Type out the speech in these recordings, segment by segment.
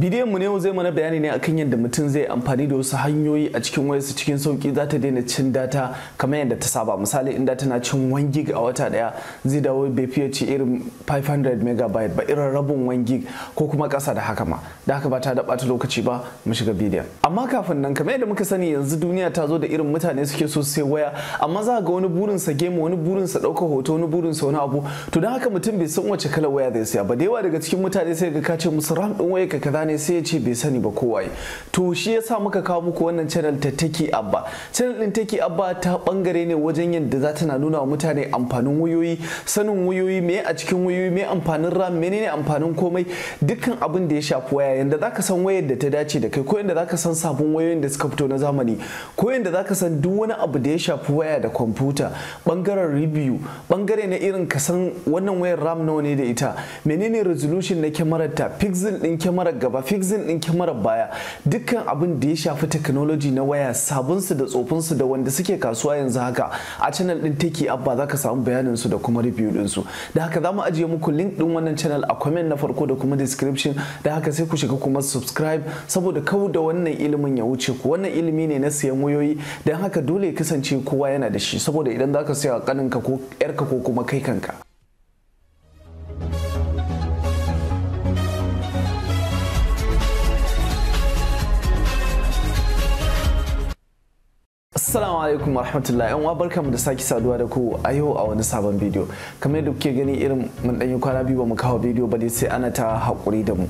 bidiyon mu ne zai mana bayani ne akan yadda mutum zai amfani da wasu hanyoyi a cikin wayarsa cikin sauki za ta daina cin data kamar yadda ta saba misali in data na cin 1 gig a wata daya zai dawo bai fiye ci irin 500 megabyte ba irin rabin 1 gig ko kuma kasa da haka ma da haka ba ta da ta lokaci ba mu shiga bidiyon amma kafin nan kamar yadda muka sani yanzu duniya ta zo da irin mutane suke so sai waya amma za ga wani burin sa game wani burin sa dauka hoto wani burin sa wani abu to dan haka mutum bai san wace kala waya zai saya ba da yawa daga cikin mutane sai ga ka ce musu ram din waya ka kaza kaza ne sai ya ce bai sani ba kowaye to shi yasa muka kawo muku wannan channel ta take abba channel din take abba ta bangare ne wajen yadda za ta nuna wa mutane amfanin wayoyi sanin wayoyi me a cikin wayoyi me amfanin ram menene amfanin komai dukkan abin da ya shafi waya yanda zaka san wayar da ta dace da kai ko yanda zaka san sabon wayoyin da suka fito na zamani ko yanda zaka san duk wani abu da ya shafi waya da kwamfuta bangaren review bangare na irin ka san wannan wayar ram nawa ne da ita menene resolution na kyamarar ta pixel din kyamarar gaba ɗin din kyamarar baya dukkan abin da ya shafi technology na waya sabunsu da tsofinsu da wanda suke kasuwa yanzu haka a channel din take abba za ka samu bayanin su da kuma review din su da haka za mu ajiye muku link din wannan channel a comment na farko da kuma description da haka sai ku shiga kuma subscribe saboda kau da wannan ilimin ya wuce ku wannan ilimi ne na siyan wayoyi dan haka dole ya kasance kowa yana da shi saboda idan za ka siya ka ko yarka ko kuma kai kanka Assalamu alaikum warahmatullahi yan uwa barkamu da sake saduwa da ku a yau a wani sabon bidiyo. Kamar yadda kuke gani irin mun danyi kwana biyu ba mu kawo bidiyo ba dai sai ana ta haƙuri da mu.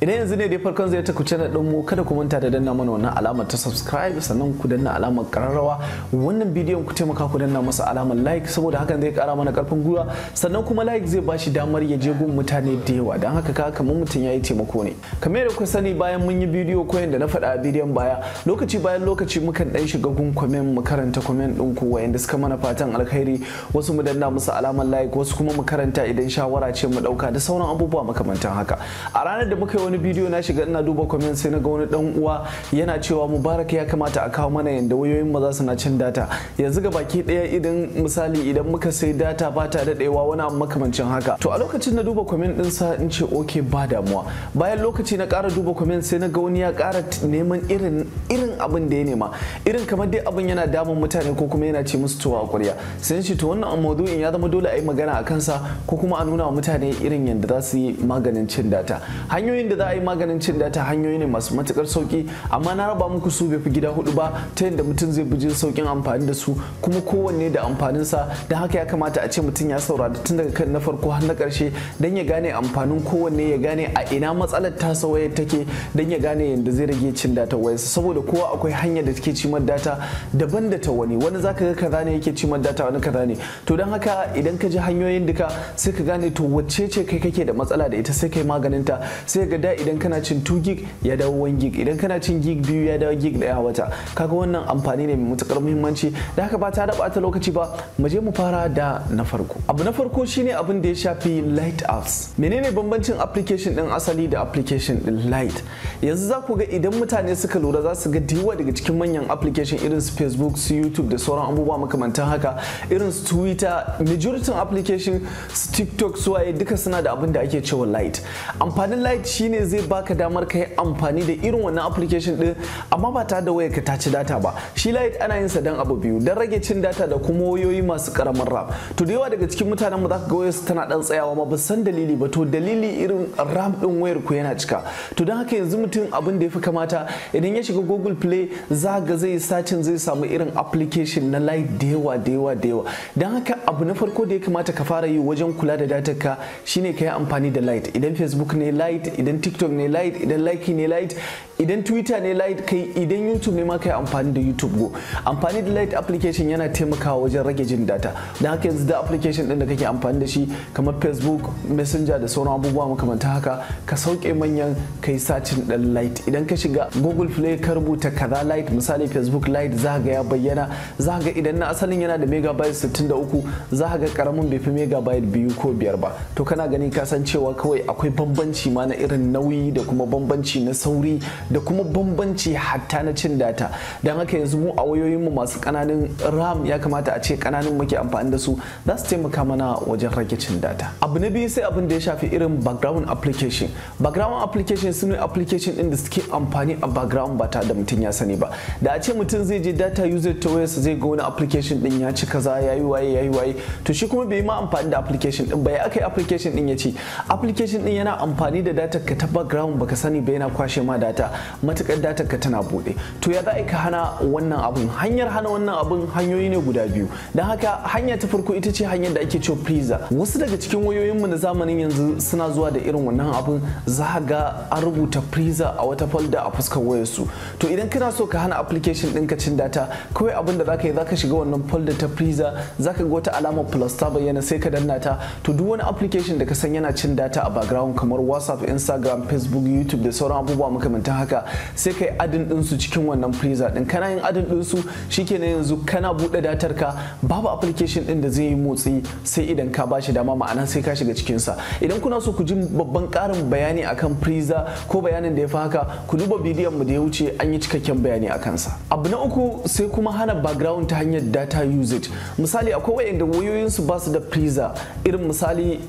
idan yanzu ne dai farkon zai ta ku din kada ku manta da danna mana wannan alamar ta subscribe sannan ku danna alamar kararrawa wannan bidiyon ku taimaka ku danna masa alamar like saboda hakan zai kara mana karfin gwiwa sannan kuma like zai bashi damar ya je gun mutane da yawa don haka ka kamar mutum ya yi taimako ne kamar yadda ku sani bayan mun yi bidiyo ko da na faɗa a bidiyon baya lokaci bayan lokaci mukan ɗan shiga gun kwamen mu karanta kwamen din ku wayanda suka mana fatan alkhairi wasu mu danna musu alamar like wasu kuma mu karanta idan shawara ce mu ɗauka da sauran abubuwa makamantan haka a ranar da muka yi wani bidiyo na shiga ina duba comment sai na ga wani dan uwa yana cewa mubarak ya kamata a kawo mana yanda wayoyin maza suna cin data yanzu ga baki daya idan misali idan muka sai data ba ta dadewa wani abu makamancin haka to a lokacin na duba comment din sa in ce okay ba damuwa bayan lokaci na kara duba comment sai na ga wani ya kara neman irin irin abin da ya nema irin kamar dai abin yana damun mutane ko kuma yana ce musu a ƙwarya sai ce to wannan maudu'in ya zama dole a yi magana a kansa ko kuma a nuna wa mutane irin yadda za su yi maganin cin data hanyoyin da za a yi maganin cin data hanyoyi ne masu matukar sauki amma na raba muku su bai fi gida hudu ba ta yadda mutum zai bujin saukin amfani da su kuma kowanne da amfaninsa don haka ya kamata a ce mutum ya saurari tun daga kan na farko har na karshe don ya gane amfanin kowanne ya gane a ina matsalar tasa wayar take don ya gane yadda zai rage cin data wayarsa saboda kowa akwai hanya da take cimar data daban da ta wani wani zaka ga kaza ne yake cimar data wani kaza ne to don haka idan ka ji hanyoyin duka sai ka gane to wacce ce kai kake da matsala da ita sai ka kai maganinta sai ga da idan kana cin 2 gig ya dawo 1 gig idan kana cin gig biyu ya dawo gig daya wata kaga wannan amfani ne mai matukar muhimmanci da haka ba ta da bata lokaci ba mu je mu fara da na farko abu na farko shine abin da ya shafi light apps menene bambancin application din asali da application din light yanzu za ku ga idan mutane suka lura za su ga diwa daga cikin manyan application irin su facebook su youtube da sauran abubuwa makamantan haka irin su twitter majority application su tiktok su waye duka suna da abin da ake cewa light amfanin light shine ne zai baka damar ka yi amfani da irin wannan application din amma ba tare da wayar ka ta data ba shi light ana yin sa dan abu biyu dan rage cin data da kuma wayoyi masu karamin ram to da yawa daga cikin mutanen mu zaka ga wayar su tana dan tsayawa ma ba san dalili ba to dalili irin ram din wayar ku yana cika to don haka yanzu mutum abin da ya fi kamata idan ya shiga Google Play za ga zai sacin zai samu irin application na light da yawa da yawa da yawa don haka abu na farko da ya kamata ka fara yi wajen kula da datar ka shine ka yi amfani da light idan Facebook ne light idan tiktok ne light idan like ne light idan twitter ne light kai idan youtube ne ma kai amfani da youtube go amfani da light application yana taimakawa wajen rage jin data don haka yanzu da application din da kake amfani da shi kamar facebook messenger da sauran abubuwa makamanta haka ka sauke manyan kai satin dan light idan ka shiga google play ka rubuta kaza light misali facebook light za ga ya bayyana za ga idan na asalin yana da megabyte 63 za ga karamin bai fi megabyte biyu ko biyar ba to kana gani ka san cewa kawai akwai bambanci ma na irin nauyi da kuma bambanci na sauri da kuma bambanci hatta na cin data don haka yanzu mu a wayoyinmu masu kananan ram ya kamata a ce kananan muke amfani da su za su taimaka mana wajen rage cin data abu na biyu sai abin da ya shafi irin background application background application sun application din da suke amfani a background ba ta da mutum ya sani ba da a ce mutum zai je data user ta wayarsa zai ga wani application din ya ci kaza ya yi waye ya yi waye to shi kuma bai ma amfani da application din ba ya aka yi application din ya ci application din yana amfani da data ka ta background baka sani ba yana kwashe ma data matukar data ka tana bude to ya za ka hana wannan abun hanyar hana wannan abun hanyoyi ne guda biyu don haka hanya ta farko ita ce hanyar da ake cewa freezer wasu daga cikin wayoyinmu na zamanin yanzu suna zuwa da irin wannan abun za ga an rubuta freezer a wata folder a fuskar wayarsu to idan kana so ka hana application ɗinka cin data kawai abin da zaka yi zaka shiga wannan folder ta freezer zaka ga wata alamar plus ta bayyana sai ka danna ta to duk wani application da ka san yana cin data a background kamar whatsapp instagram instagram facebook youtube da sauran abubuwa makamantan haka sai kai adin ɗinsu cikin wannan freezer din kana yin adin ke shikenan yanzu kana buɗe datar ka babu application din da zai yi motsi sai idan ka bashi dama ma'ana sai ka shiga sa idan kuna so ku ji babban karin bayani akan freezer ko bayanin da ya fi haka ku duba bidiyon mu da ya wuce an yi cikakken bayani a kansa abu na uku sai kuma hana background ta hanyar data usage misali akwai wayanda wayoyinsu ba su da freezer irin misali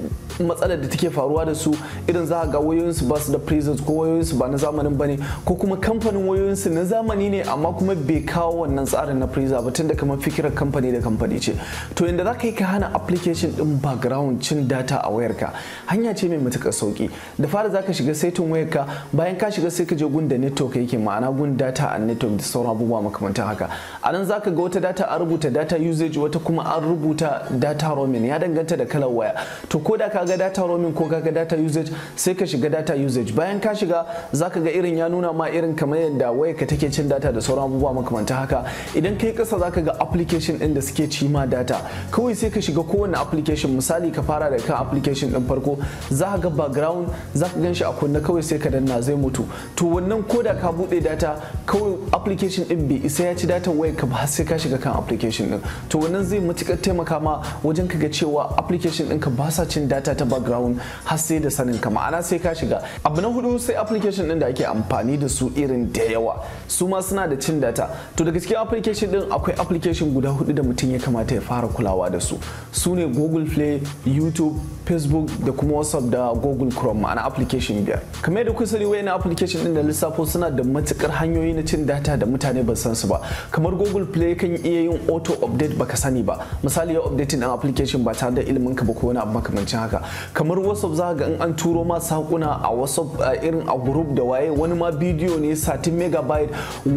matsalar da take faruwa da su irin za ga wayoyin su. ba su da prisons ko wayoyinsu ba na zamanin ba ne ko kuma kamfanin wayoyinsu na zamani ne amma kuma bai kawo wannan tsarin na prison ba da kamar fikirar kamfani da kamfani ce to yanda za ka yi ka hana application din background cin data a wayarka hanya ce mai matuƙar sauki da fara za ka shiga saitin wayarka bayan ka shiga sai ka je gun da network yake ma'ana gun data a network da sauran abubuwa makamantan haka a nan za ka ga wata data an rubuta data usage wata kuma an rubuta data roaming ya danganta da kalar waya to ko da ka ga data roaming ko ka ga data usage sai ka shiga data usage bayan ka shiga zaka ga irin ya nuna ma irin kamar yadda waya ka take cin data da sauran abubuwa makamanta haka idan kai kasa zaka ga application din da suke ci ma data kawai sai ka shiga kowane application misali ka fara da kan application din farko za ga background zaka gan shi a kunne kawai sai ka danna zai mutu to wannan koda ka bude data kawai application din bai isa ya ci data waya ka ba sai ka shiga kan application din to wannan zai matukar taimaka ma wajen ka ga cewa application ɗinka ba sa cin data ta background har sai da sanin ka ma'ana sai ka shiga abu na hudu sai application din da ake amfani da su irin da yawa su ma suna da cin data to daga cikin application din akwai application guda hudu da mutum ya kamata ya fara kulawa da su su ne google play youtube facebook da kuma whatsapp da google chrome ma'ana application biyar kamar da kusa sani na application din da lissafo suna da matukar hanyoyi na cin data da mutane ba san su ba kamar google play kan iya yin auto update baka sani ba misali ya update din application ba tare da ilimin ka ba ko wani abu makamancin haka kamar whatsapp za ga in an turo ma sakuna a whatsapp eh, a irin a group da waye wani ma bidiyo ne satin megabyte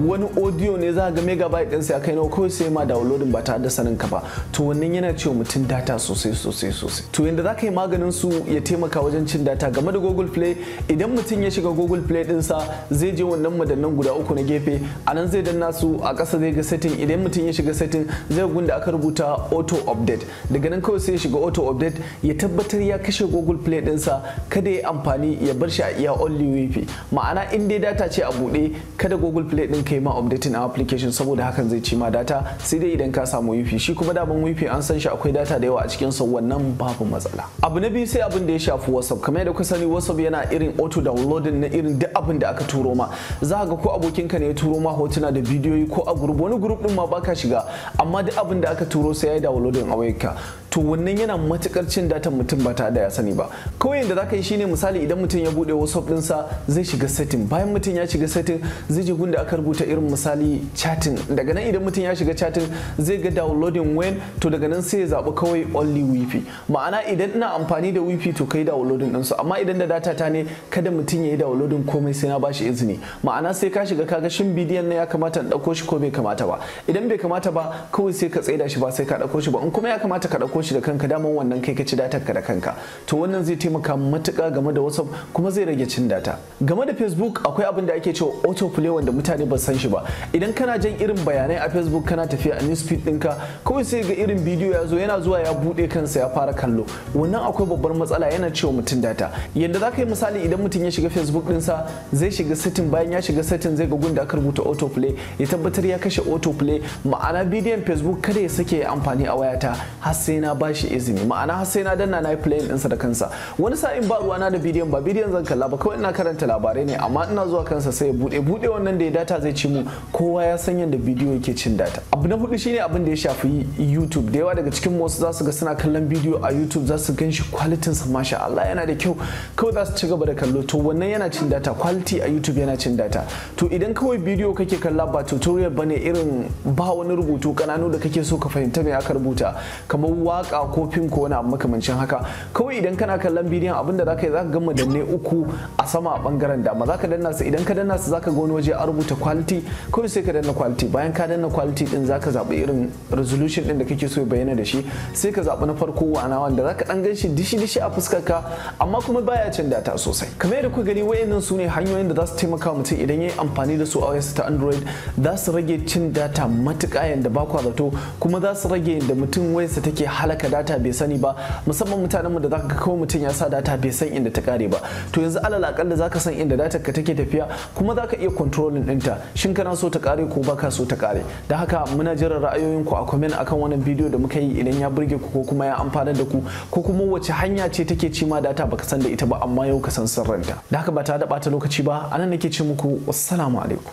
wani audio ne za ga megabyte din sai kai nawa kawai sai ma downloadin ba ta da sanin ka ba to wannan yana cewa mutum data sosai sosai sosai to yanda za ka yi maganin su ya taimaka wajen cin data game da google play idan mutum ya shiga google play dinsa zai je wannan madannan guda uku na gefe a nan zai danna su a ƙasa zai ga setting idan mutum ya shiga setting zai gunda aka rubuta auto update daga nan kawai sai ya shiga auto update ya tabbatar ya kashe google play dinsa kada ya amfani ya bar shi a iya only wifi ma'ana in dai data ce a bude kada google play din kai ma updating a application saboda hakan zai ci ma data sai dai idan ka samu wifi shi kuma daman wifi an san shi akwai data da yawa a cikin sa wannan babu matsala abu na biyu sai abin da ya shafi whatsapp kamar yadda ku sani whatsapp yana irin auto downloading na irin duk abin da aka turo ma za ga ko abokinka ne ya turo ma hotuna da bidiyoyi ko a group wani group din ma baka shiga amma duk abin da aka turo sai ya yi downloading a wayarka to wannan yana matukar cin datan mutum ba tare da ya sani ba kawai yadda zaka yi shine misali idan mutum ya bude wasu dinsa zai shiga setting bayan mutum ya shiga setting zai je gunda aka rubuta irin misali chatting daga nan idan mutum ya shiga chatting zai ga downloading when to daga nan sai ya zaɓi kawai only wifi ma'ana idan ina amfani da wifi to kai downloading su amma idan da data ta ne kada mutum ya yi downloading komai sai na bashi izini ma'ana sai ka shiga kaga shin bidiyon na ya kamata in ɗauko shi ko bai kamata ba idan bai kamata ba kawai sai ka tsaida shi ba sai ka ɗauko shi ba in kuma ya kamata ka ɗauko shi da kanka daman wannan kai ka ci datar ka da kanka to wannan zai taimaka matuka game da whatsapp kuma zai rage cin data game da facebook akwai abin da ake cewa autoplay wanda mutane ba san shi ba idan kana jan irin bayanai a facebook kana tafiya a newsfeed ɗinka kawai sai ga irin bidiyo ya zo yana zuwa ya bude kansa ya fara kallo wannan akwai babbar matsala yana cewa mutum data yadda za ka yi misali idan mutum ya shiga facebook ɗinsa zai shiga setting bayan ya shiga setting zai ga gunda aka rubuta autoplay ya tabbatar ya kashe autoplay ma'ana bidiyon facebook kada ya sake amfani a wayata har sai na na bashi izini ma'ana har sai na danna na yi playing ɗinsa da kansa wani sa'in ba ruwana da bidiyon ba bidiyon zan kalla ba kawai ina karanta labarai ne amma ina zuwa kansa sai ya buɗe buɗe wannan da ya data zai ci mu kowa ya san yadda bidiyo yake cin data abu na hudu shine abin da ya shafi YouTube da yawa daga cikin wasu za su ga suna kallon bidiyo a YouTube za su ganshi kwalitin sa masha Allah yana da kyau kawai za su ci gaba da kallo to wannan yana cin data kwaliti a YouTube yana cin data to idan kawai bidiyo kake kalla ba tutorial bane irin ba wani rubutu kananu da kake so ka fahimta me aka rubuta kamar waka ko fim ko wani abu makamancin haka kawai idan kana kallon bidiyon abin da zaka yi zaka ga madanne uku a sama a bangaren dama zaka danna su idan ka danna su zaka ga wani waje a rubuta quality kawai sai ka danna quality bayan ka danna quality din zaka zaɓi irin resolution din da kake so ya bayyana da shi sai ka zaɓi na farko wa'ana wanda zaka dan gan shi dishi dishi a fuskar ka amma kuma baya canja ta sosai kamar yadda kuka gani wayannan su ne hanyoyin da za su taimaka mutum idan ya yi amfani da su a wayarsa ta android za su rage cin data matuƙa yanda ba kwa zato kuma za su rage da mutum wayarsa take hala halaka data bai sani ba musamman mutanenmu da zaka kawo mutum ya sa data bai san inda ta kare ba to yanzu alal akalla zaka san inda data ka take tafiya kuma zaka iya controlling dinta shin kana so ta kare ko baka so ta kare da haka muna jiran ra'ayoyinku a comment akan wannan bidiyo da muka yi idan ya burge ku ko kuma ya amfanar da ku ko kuma wace hanya ce take ci ma data baka san da ita ba amma yau ka san sirrinta da haka ba ta da bata lokaci ba anan nake ce muku assalamu alaikum